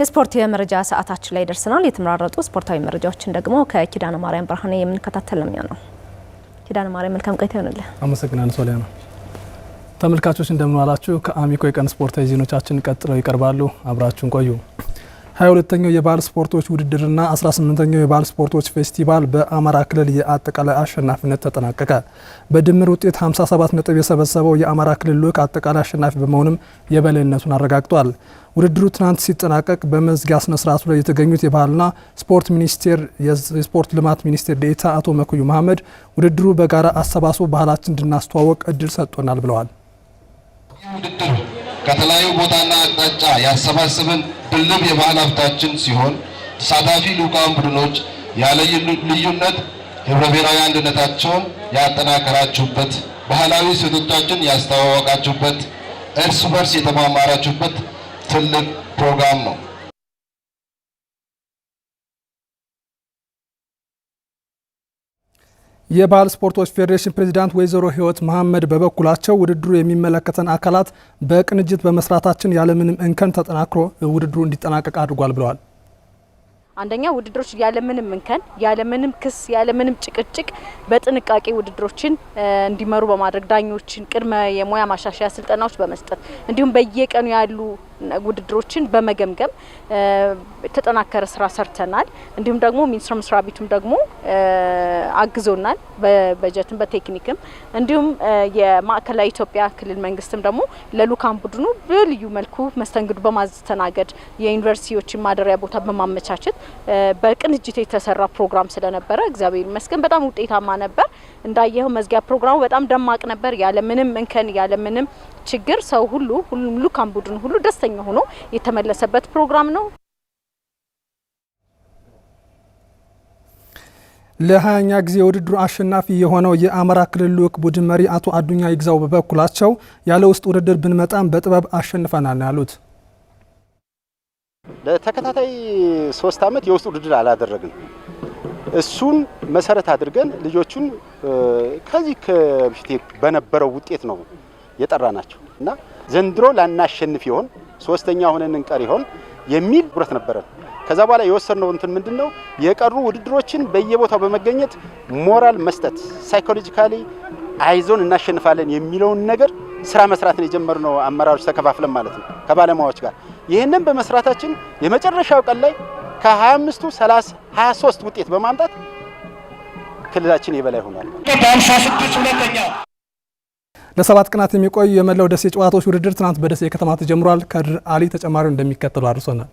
የስፖርት የመረጃ ሰዓታችን ላይ ደርሰናል። የተመራረጡ ስፖርታዊ መረጃዎችን ደግሞ ከኪዳነ ማርያም ብርሃኔ የምንከታተል ነው የሚሆነው። ኪዳነ ማርያም መልካም ቆይታ ይሆንልህ። አመሰግናለሁ ነው። ተመልካቾች እንደምን ዋላችሁ። ከአሚኮ የቀን ስፖርታዊ ዜናዎቻችን ቀጥለው ይቀርባሉ። አብራችሁን ቆዩ። 22ኛው የባህል ስፖርቶች ውድድርና 18ኛው የባህል ስፖርቶች ፌስቲቫል በአማራ ክልል የአጠቃላይ አሸናፊነት ተጠናቀቀ። በድምር ውጤት 57 ነጥብ የሰበሰበው የአማራ ክልል ልዑክ አጠቃላይ አሸናፊ በመሆንም የበላይነቱን አረጋግጧል። ውድድሩ ትናንት ሲጠናቀቅ በመዝጊያ ስነ ስርዓቱ ላይ የተገኙት የባህልና ስፖርት ሚኒስቴር የስፖርት ልማት ሚኒስቴር ዴኤታ አቶ መኩዩ መሐመድ ውድድሩ በጋራ አሰባስቦ ባህላችን እንድናስተዋወቅ እድል ሰጥቶናል ብለዋል። ከተለያዩ ቦታና አቅጣጫ ያሰባስብን ድልብ የባህል ሀብታችን ሲሆን ተሳታፊ ልዑካን ቡድኖች ያለ ልዩነት ህብረ ብሔራዊ አንድነታቸውን ያጠናከራችሁበት፣ ባህላዊ እሴቶቻችን ያስተዋወቃችሁበት፣ እርስ በርስ የተማማራችሁበት ትልቅ ፕሮግራም ነው። የባህል ስፖርቶች ፌዴሬሽን ፕሬዚዳንት ወይዘሮ ህይወት መሐመድ በበኩላቸው ውድድሩ የሚመለከተን አካላት በቅንጅት በመስራታችን ያለምንም እንከን ተጠናክሮ ውድድሩ እንዲጠናቀቅ አድርጓል ብለዋል። አንደኛ ውድድሮች ያለምንም እንከን ያለምንም ክስ ያለምንም ጭቅጭቅ በጥንቃቄ ውድድሮችን እንዲመሩ በማድረግ ዳኞችን ቅድመ የሙያ ማሻሻያ ስልጠናዎች በመስጠት እንዲሁም በየቀኑ ያሉ ውድድሮችን በመገምገም የተጠናከረ ስራ ሰርተናል። እንዲሁም ደግሞ ሚኒስቴር መስሪያ ቤቱም ደግሞ አግዞናል፣ በበጀትም በቴክኒክም እንዲሁም የማዕከላዊ ኢትዮጵያ ክልል መንግስትም ደግሞ ለልኡካን ቡድኑ በልዩ መልኩ መስተንግዶ በማስተናገድ የዩኒቨርሲቲዎችን ማደሪያ ቦታ በማመቻቸት በቅንጅት የተሰራ ፕሮግራም ስለነበረ እግዚአብሔር ይመስገን በጣም ውጤታማ ነበር። እንዳየኸው መዝጊያ ፕሮግራሙ በጣም ደማቅ ነበር። ያለምንም እንከን ያለምንም ችግር ሰው ሁሉ ሁሉም ልኡካን ቡድን ሁሉ ደስተኛ ሆኖ የተመለሰበት ፕሮግራም ነው። ለሀያኛ ጊዜ የውድድሩ አሸናፊ የሆነው የአማራ ክልል ልዑክ ቡድን መሪ አቶ አዱኛ ይግዛው በበኩላቸው ያለ ውስጥ ውድድር ብንመጣም በጥበብ አሸንፈናል ያሉት ለተከታታይ ሶስት ዓመት የውስጥ ውድድር አላደረግን። እሱን መሰረት አድርገን ልጆቹን ከዚህ ከፊት በነበረው ውጤት ነው የጠራ ናቸው እና ዘንድሮ ላናሸንፍ ይሆን ሶስተኛ ሆነን እንቀር ይሆን የሚል ጉረት ነበረን። ከዛ በኋላ የወሰድነው እንትን ምንድን ነው የቀሩ ውድድሮችን በየቦታው በመገኘት ሞራል መስጠት ሳይኮሎጂካሊ አይዞን እናሸንፋለን የሚለውን ነገር ስራ መስራትን የጀመርነው አመራሮች ተከፋፍለን ማለት ነው ከባለሙያዎች ጋር ይህንን በመስራታችን የመጨረሻው ቀን ላይ ከ25ቱ 23 ውጤት በማምጣት ክልላችን የበላይ ሆኗል። ለሰባት ቀናት የሚቆዩ የመላው ደሴ ጨዋታዎች ውድድር ትናንት በደሴ ከተማ ተጀምሯል። ከድር አሊ ተጨማሪው እንደሚከተሉ አድርሶናል።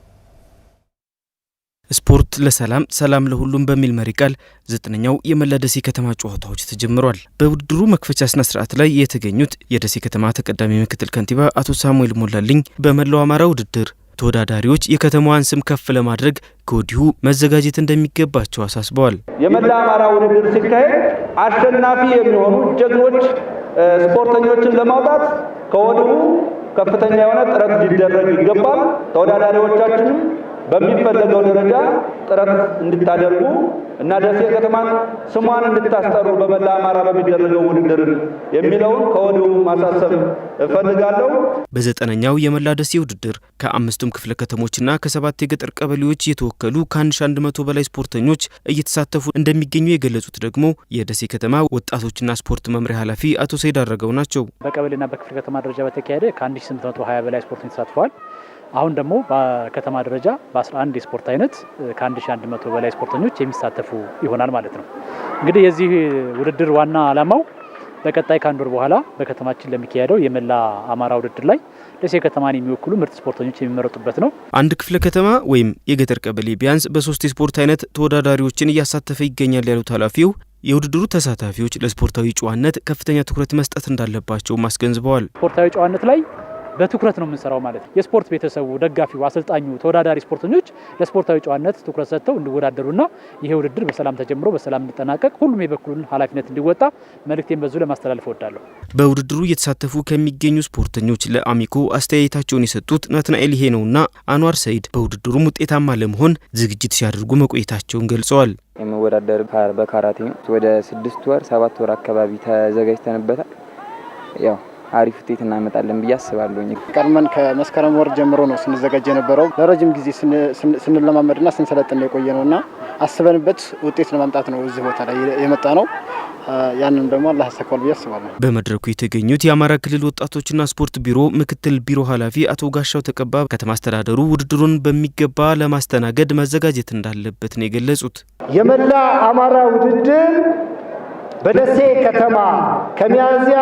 ስፖርት ለሰላም ሰላም ለሁሉም በሚል መሪ ቃል ዘጠነኛው የመላ ደሴ ከተማ ጨዋታዎች ተጀምሯል። በውድድሩ መክፈቻ ስነ ስርዓት ላይ የተገኙት የደሴ ከተማ ተቀዳሚ ምክትል ከንቲባ አቶ ሳሙኤል ሞላልኝ በመላው አማራ ውድድር ተወዳዳሪዎች የከተማዋን ስም ከፍ ለማድረግ ከወዲሁ መዘጋጀት እንደሚገባቸው አሳስበዋል። የመላ አማራ ውድድር ሲካሄድ አሸናፊ የሚሆኑ ጀግኖች ስፖርተኞችን ለማውጣት ከወዲሁ ከፍተኛ የሆነ ጥረት ሊደረግ ይገባል። ተወዳዳሪዎቻችንም በሚፈለገው ደረጃ ጥረት እንድታደርጉ እና ደሴ ከተማን ስሟን እንድታስጠሩ በመላ አማራ በሚደረገው ውድድር የሚለውን ከወዲሁ ማሳሰብ እፈልጋለሁ። በዘጠነኛው የመላ ደሴ ውድድር ከአምስቱም ክፍለ ከተሞችና ከሰባት የገጠር ቀበሌዎች የተወከሉ ከአንድ ሺ መቶ በላይ ስፖርተኞች እየተሳተፉ እንደሚገኙ የገለጹት ደግሞ የደሴ ከተማ ወጣቶችና ስፖርት መምሪያ ኃላፊ አቶ ሰይድ አድረገው ናቸው። በቀበሌና በክፍለ ከተማ ደረጃ በተካሄደ ከ1820 በላይ ስፖርተኞች ተሳትፈዋል። አሁን ደግሞ በከተማ ደረጃ በ11 የስፖርት አይነት ከአንድ 1100 በላይ ስፖርተኞች የሚሳተፉ ይሆናል ማለት ነው። እንግዲህ የዚህ ውድድር ዋና ዓላማው በቀጣይ ከአንድ ወር በኋላ በከተማችን ለሚካሄደው የመላ አማራ ውድድር ላይ ደሴ ከተማን የሚወክሉ ምርጥ ስፖርተኞች የሚመረጡበት ነው። አንድ ክፍለ ከተማ ወይም የገጠር ቀበሌ ቢያንስ በሶስት የስፖርት አይነት ተወዳዳሪዎችን እያሳተፈ ይገኛል ያሉት ኃላፊው የውድድሩ ተሳታፊዎች ለስፖርታዊ ጨዋነት ከፍተኛ ትኩረት መስጠት እንዳለባቸው አስገንዝበዋል። ስፖርታዊ ጨዋነት ላይ በትኩረት ነው የምንሰራው ማለት ነው። የስፖርት ቤተሰቡ፣ ደጋፊው፣ አሰልጣኙ፣ ተወዳዳሪ ስፖርተኞች ለስፖርታዊ ጨዋነት ትኩረት ሰጥተው እንዲወዳደሩና ይሄ ውድድር በሰላም ተጀምሮ በሰላም እንዲጠናቀቅ ሁሉም የበኩሉን ኃላፊነት እንዲወጣ መልእክቴን በዙ ለማስተላለፍ እወዳለሁ። በውድድሩ እየተሳተፉ ከሚገኙ ስፖርተኞች ለአሚኮ አስተያየታቸውን የሰጡት ናትናኤል ይሄ ነውና አንዋር ሰይድ በውድድሩም ውጤታማ ለመሆን ዝግጅት ሲያደርጉ መቆየታቸውን ገልጸዋል። የምወዳደር በካራቴ ወደ ስድስት ወር ሰባት ወር አካባቢ ተዘጋጅተንበታል ያው አሪፍ ውጤት እናመጣለን ብዬ አስባለሁኝ። ቀድመን ከመስከረም ወር ጀምሮ ነው ስንዘጋጅ የነበረው። ለረጅም ጊዜ ስንለማመድና ስንሰለጥን ነው የቆየ ነው እና አስበንበት ውጤት ለማምጣት ነው እዚህ ቦታ ላይ የመጣ ነው። ያንን ደግሞ አላህ አሳክቷል ብዬ አስባለሁ። በመድረኩ የተገኙት የአማራ ክልል ወጣቶችና ስፖርት ቢሮ ምክትል ቢሮ ኃላፊ አቶ ጋሻው ተቀባ ከተማ አስተዳደሩ ውድድሩን በሚገባ ለማስተናገድ መዘጋጀት እንዳለበት ነው የገለጹት። የመላ አማራ ውድድር በደሴ ከተማ ከሚያዝያ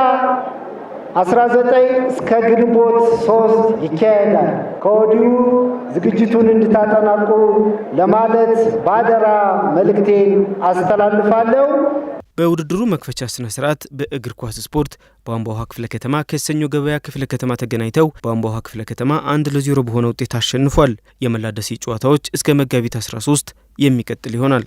19 እስከ ግንቦት 3 ይካሄዳል። ከወዲሁ ዝግጅቱን እንድታጠናቁ ለማለት ባደራ መልእክቴን አስተላልፋለሁ። በውድድሩ መክፈቻ ስነ ስርዓት በእግር ኳስ ስፖርት ቧንቧ ውሃ ክፍለ ከተማ ከሰኞ ገበያ ክፍለ ከተማ ተገናኝተው በአምባ ውሃ ክፍለ ከተማ አንድ ለዜሮ በሆነ ውጤት አሸንፏል። የመላደሴ ጨዋታዎች እስከ መጋቢት 13 የሚቀጥል ይሆናል።